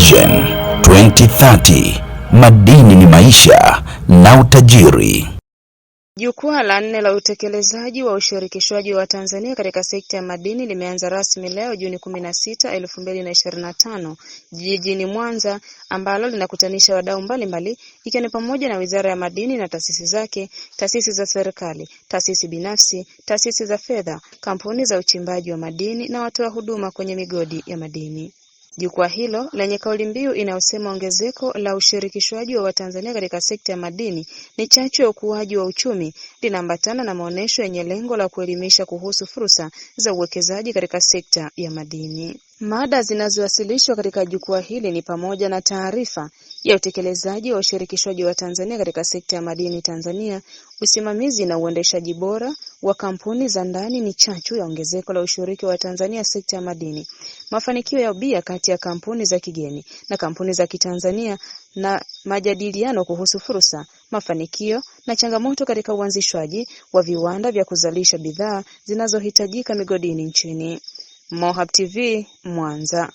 Vision 2030 madini ni maisha na utajiri. Jukwaa la nne la utekelezaji wa ushirikishwaji wa Tanzania katika sekta ya madini limeanza rasmi leo Juni 16, 2025 jijini Mwanza, ambalo linakutanisha wadau mbalimbali ikiwa ni pamoja na Wizara ya Madini na taasisi zake, taasisi za serikali, taasisi binafsi, taasisi za fedha, kampuni za uchimbaji wa madini na watoa huduma kwenye migodi ya madini. Jukwaa hilo lenye kauli mbiu inayosema Ongezeko la Ushirikishwaji wa Watanzania katika sekta ya madini ni chachu ya ukuaji wa uchumi linaambatana na maonesho yenye lengo la kuelimisha kuhusu fursa za uwekezaji katika sekta ya madini. Mada zinazowasilishwa katika jukwaa hili ni pamoja na taarifa ya utekelezaji wa ushirikishwaji wa Tanzania katika sekta ya madini Tanzania, usimamizi na uendeshaji bora wa kampuni za ndani ni chachu ya ongezeko la ushiriki wa Tanzania sekta ya madini. Mafanikio ya ubia kati ya kampuni za kigeni na kampuni za Kitanzania na majadiliano kuhusu fursa, mafanikio na changamoto katika uanzishwaji wa viwanda vya kuzalisha bidhaa zinazohitajika migodini nchini. Mohab TV Mwanza.